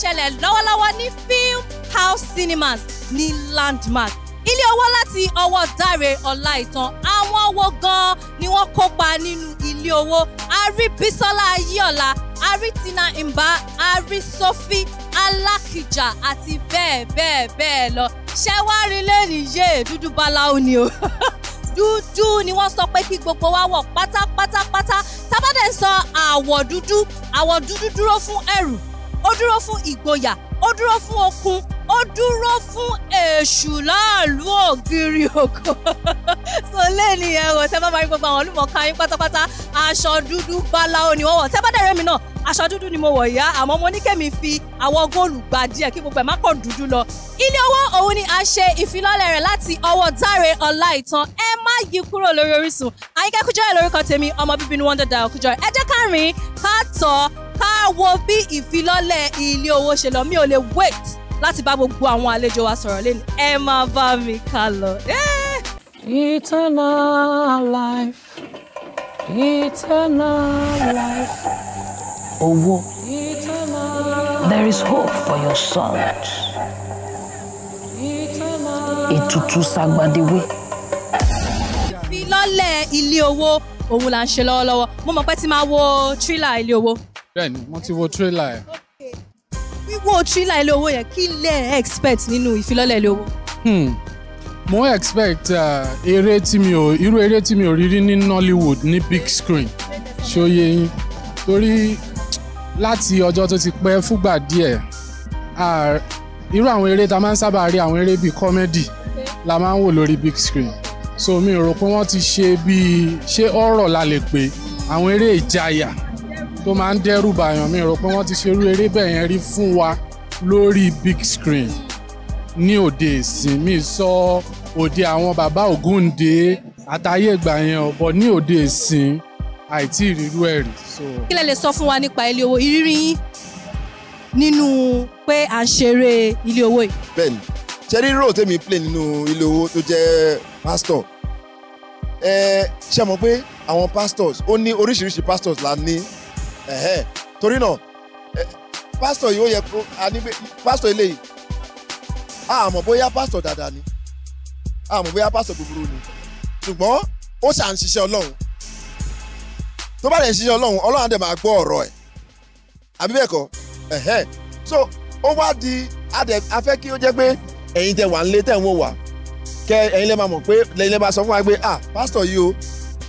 ṣẹlẹ̀ lọ́wọ́lọ́wọ́ ní film house cinemas ní landmark ilé owó láti ọwọ́ dáre ọláìtàn àwọn wo gan-an ni wọ́n kópa nínú ilé owó àrí ayéọ̀la àrí tina imba àrí sofi alákìjà àti bẹ́ẹ̀ bẹ́ẹ̀ bẹ́ẹ̀ lọ ṣẹ́wárí lẹ́nu yé dúdú báláwo ni o dúdú ni wọ́n sọ pé kí gbogbo wa wọ̀ pátápátápátá tábàdẹ̀ sọ àwọ̀ dúdú àwọ̀ dúdú dúró fún ẹ̀rù ó dúró fún ìgboyà ó dúró fún okun ó dúró fún èṣù láàlú ògiri ògo so lẹ́ni ẹ wò tẹ́ bá máa rí gbogbo àwọn olùmọ̀ọ́ká yín pátápátá aṣọ dúdú báláwo ni wọ́n wọ̀ tẹ́ bá dẹ̀rẹ́ mi náà aṣọ dúdú ni mo wọ̀ yá àmọ́ mo ní kẹ́mi fi àwọ̀ góòlù gba díẹ̀ kí gbogbo ẹ̀ má kàn dúdú lọ. ilé owó òun ni a ṣe ìfilọ́lẹ̀ rẹ̀ láti ọwọ́ Dáre Ọláìtàn ẹ má yí kúrò lórí Orísun Àyìnkẹ́ Kújọ́rẹ̀ lórúkọ tèmi ọmọ bíbí ni wọ́n dọ̀dà Kújọ́rẹ̀ ẹ jẹ́ ká rìn ká tọ́ ká wo bí ìfilọ́lẹ̀ ilé owó ṣe lọ mi ò lè wait láti bá gbogbo àwọn àlejò wa sọ̀rọ̀ lẹ́nu ẹ máa bá mi ká lọ. Eh! eternal life eternal life. owó there is hope for your son. ètùtù sàgbàdéwé. ìfilọ́lẹ̀ ilé owó òun là ń ṣe lọ́wọ́lọ́wọ́ mo mọ̀ pé tí máa wo thriller ilé owó bẹ́ẹ̀ni mo ti wo tírélà ẹ̀. wíwo tírélà ilé owó yẹn kí lẹ expect nínú ìfilọ́lẹ̀ ilé owó. Hmm. mo expect uh, eré tí mi ò irú eré tí mi ò rí rí ní Nollywood ní big screen ṣòye yín torí láti ọjọ́ tó ti pẹ́ fúgbà díẹ̀ irú àwọn eré tá a máa ń sábà rí àwọn eré bíi comedy la máa ń wò lórí big screen so mi ò rò pé wọ́n ti ṣe bíi ṣé ọ̀rọ̀ la lè pè àwọn eré ìjayà tó máa ń dẹ́rù bàyàn mi rò pé wọ́n ti ṣerú eré bẹ́ẹ̀ yẹn rí fún wa lórí big screen ní òde ìsinmi sọ òde àwọn bàbá Ògúndé àtàyè ìgbà yẹn ọ̀bọ ní òde ìsìn àìtí ìrírú ẹ̀ rí. kí lẹ lè sọ fún wa nípa ilé owó ìrírí nínú pé à ń ṣeré ilé owó yìí. bẹ́ẹ̀ni ṣẹrí rò tèmi play nínú ilé owó tó jẹ pastor ẹ ṣe mọ̀ pé àwọn pastors ó ní oríṣiríṣi pastors la ní torí náà pásítọ̀ yìí ó yẹ kó anígbé pásítọ̀ eléyìí àmọ́ bóyá pásítọ̀ dáadáa ni àmọ́ bóyá pásítọ̀ búburú ni ṣùgbọ́n ó ṣà ń ṣiṣẹ́ ọlọ́run tó bá ṣiṣẹ́ ọlọ́run ọlọ́run so ó wá di afẹ́ kí ó jẹ́ pé ẹ̀yin tẹ wà ń lé tẹ̀ ń kẹ ẹ̀yin máa mọ̀ pé lẹ́yìn bá sọ fún wa pé pásítọ̀ yìí o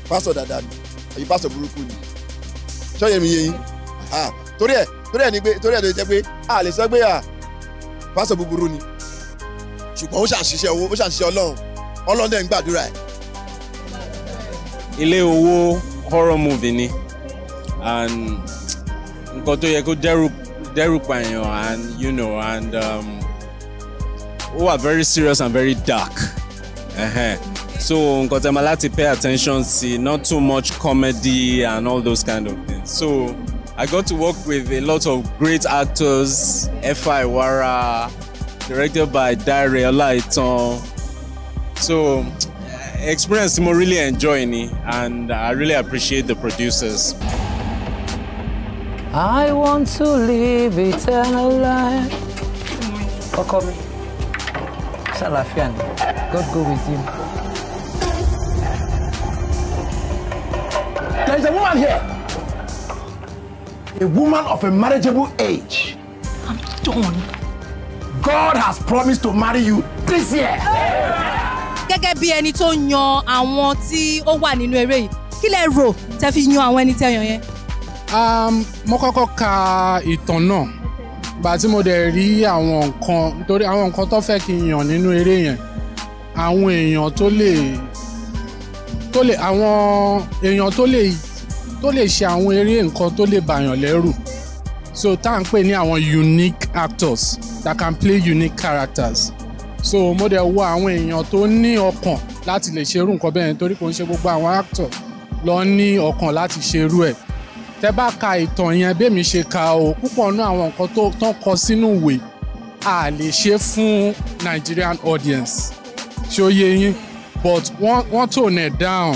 pásítọ̀ dáadáa ni àbí pásítọ̀ burúkú ni ṣọ́yẹ̀ mi yé torí ẹ̀ torí ẹ̀ ni pé torí ẹ̀ ló jẹ́ pé a lè sọ pé à pásọ búburú ni ṣùgbọ́n ó ṣàṣìṣe owó ó ṣàṣìṣe ọlọ́run ọlọ́run dẹ̀ ń gbàdúrà ẹ̀. ilé owó horror movie ni and nǹkan tó yẹ kó dẹ́rù dẹ́rù pààyàn and you know and um, ó wà very serious and very dark. Uh -huh. So Nkota to pay attention see not too much comedy and all those kind of things. So I got to work with a lot of great actors, F.I. Wara, directed by Dare Olaiton. So experience more really enjoying it and I really appreciate the producers. I want to live eternal life. Okomi, Salafian, God go with you. There is a woman here. A woman of a marriageable age. I'm done. God has promised to marry you this year. Gẹ́gẹ́ bí ẹni tó yan àwọn tí ó wà nínú eré yìí, kí lẹ rò tẹ́ fi yan àwọn ẹni tẹ́ yan yẹn? Um, mo kọ́kọ́ ka ìtàn náà. Gbà tí mo dẹ̀ rí àwọn nǹkan torí àwọn nǹkan tó fẹ́ kí n yàn nínú eré yẹn. Àwọn èèyàn tó lè tó lè àwọn èèyàn tó lè tó lè ṣe àwọn eré nǹkan tó lè bàyàn lẹ́rù so tá à ń pè ní àwọn unique actors that can play unique characters so mo dẹ̀ wo àwọn èèyàn tó ní ọkàn láti lè ṣerú nǹkan bẹ́ẹ̀ torí kò ń ṣe gbogbo àwọn actor ló ní ọkàn láti ṣerú ẹ̀ tẹ́ bá ka ìtàn yẹn bẹ́ẹ̀mi ṣe ka o púpọ̀ nú àwọn nǹkan tó tán kọ sínú ìwé a lè ṣe fún Nigerian audience ṣó yé yín but wọ́n tone it down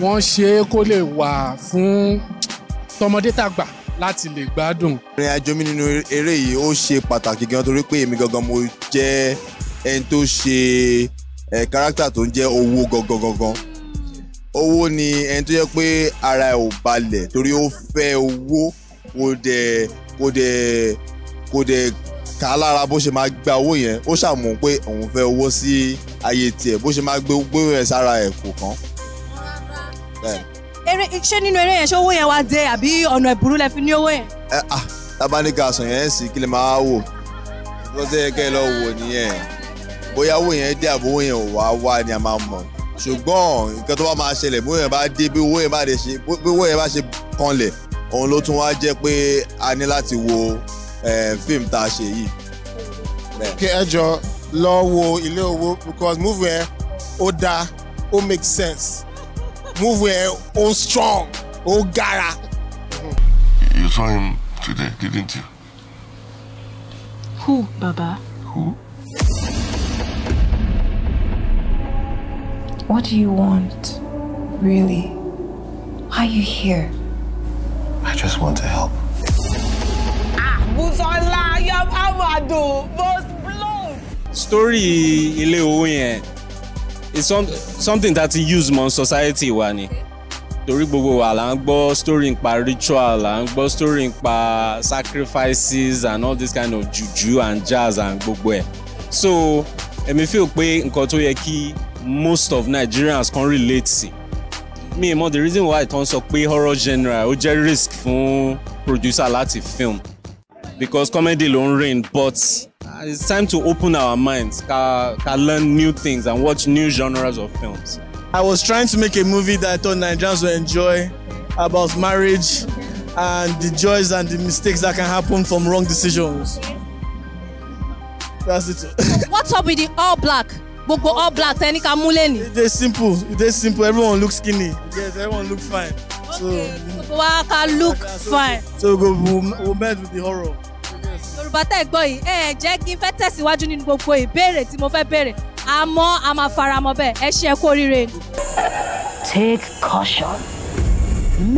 wọ́n ṣe é kó lè wà fún tọmọdé tàgbà láti lè gbádùn. ìrìn àjò mi nínú eré yìí ó ṣe pàtàkì gan torí pé èmi gangan mo jẹ́ ẹni tó ṣe kárátà tó ń jẹ́ owó gangan gangan owó ni ẹni tó jẹ́ pé ara ẹ̀ ò balẹ̀ torí ó fẹ́ owó kò dẹ̀ kò dẹ̀ kò dẹ̀ kà á lára bó ṣe máa gba owó yẹn ó ṣàmù pé òun fẹ́ owó sí ayé tiẹ̀ bó ṣe máa gbé owó yẹn sára ẹ̀ kò kàn. ṣé nínú eré yẹn ṣé owó yẹn wá dé àbí ọ̀nà ìbúrú lẹ fi ní owó yẹn. ẹ à tábánikà sàn yẹn sì kí lè máa wò lọ́sẹ̀ yẹn kẹ́ ẹ lọ wò nìyẹn bóyá owó yẹn dé àbó owó yẹn ò wá wá ni a máa mọ̀ ṣùgbọ́n nǹkan tó bá máa ṣẹlẹ̀ bí owó yẹn bá dé bí owó yẹn bá ṣe kanlẹ̀ òun ló tún wá jẹ́ pé a ní láti wo Eh, film tá a ṣe yìí. kí ẹ jọ lọ wo ilé owó because movie yẹn ó dáa ó make sense movie yẹn ó strong ó gara. you saw him today didn't you. who baba. who. What do you want? Really? Why are you here? I just want to help. Ìbàdàn most blown. story ilé owó yẹn is some, something that we use mọ society wa ni torí gbogbo wa là ń gbọ́ story nípa ritual là ń gbọ́ story nípa sacrifices and all this kind of juju and jazz and gbogbo ẹ̀ so èmi feel pé nǹkan tó yẹ kí most of Nigerians kan relate sí mi mọ the reason why ìtàn sọ pé horror genre ó jẹ́ risk fún producer láti film. because comedy don't reign but uh, it's time to open our minds can learn new things and watch new genres of films. I was trying to make a movie that I thought Nigerians would enjoy about marriage and the joys and the mistakes that can happen from wrong decisions. That's it. What's up with the all black? gbogbo all black tẹni ka mú lẹ́ni. e dey simple They dey simple everyone look skinny yes everyone look fine. so okay gbogbo wa ka look fine. so we we we'll, will we will with the horror. yorùbá tẹ̀ gbọ́ yìí ẹ jẹ́ kí n fẹ́ tẹ̀síwájú nínú gbogbo ìbéèrè tí mo fẹ́ béèrè àmọ́ a máa faramọ́ bẹ́ẹ̀ ẹ ṣe kó rire. Take caution.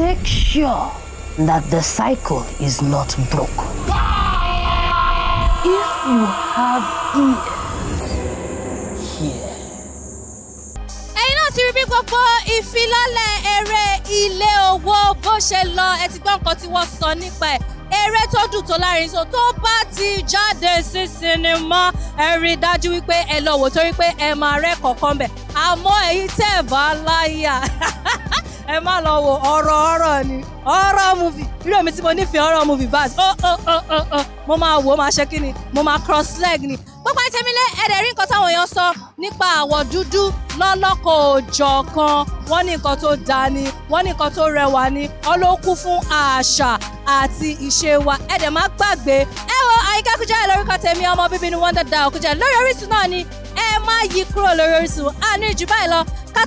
Make sure that the cycle is not broken. If you have ear, hear. ẹ̀yin náà ti rí bí gbogbo ìfilọ́lẹ̀ eré ilé owó bó ṣe lọ ẹ ti gbọ́ nǹkan tí wọ́n sọ nípa ẹ̀ eré tó dùn tó láàrin so tó bá ti jáde sí sinimá ẹ rí i dájú wípé ẹ lọ wò torí pé ẹ máa rẹ́ kọ̀ọ̀kan bẹ̀ àmọ́ èyí tẹ́ ẹ bá láyà ẹ má lọ wò ọ̀rọ̀ ọ̀rọ̀ ni ọ̀rọ̀ movie irú mi tí mo nífẹ̀ẹ́ ọ̀rọ̀ movie báyìí ó ó ó ó mo máa wò ó máa ṣe kí ni mo máa cross leg ni Pupa Tẹ̀mílé ẹ̀dẹ̀ rí nǹkan táwọn èèyàn sọ nípa àwọ̀ dúdú lọ́lọ́kọ̀ òjọ̀kan wọ́n ní nǹkan tó dáa ni wọ́n ní nǹkan tó rẹwà ni ọlọ́kú fún àṣà àti ìṣe wa ẹ̀dẹ̀ má gbàgbé ẹ wo Àyìnkẹ́ Kújẹ́rẹ́ lórúkọ tèmi ọmọ bíbí inú Wonder Dal Kújẹ́rẹ́ lórí Orísun náà ni ẹ má yí kúrò lórí Orísun a jù báyìí lọ ká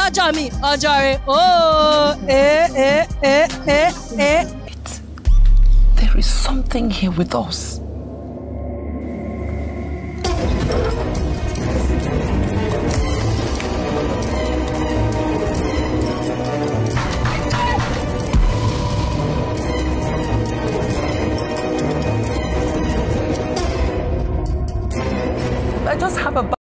lọ́jọ́ mi ọjọ́ rẹ ooo ee ee ee ee. There is something here with us. have a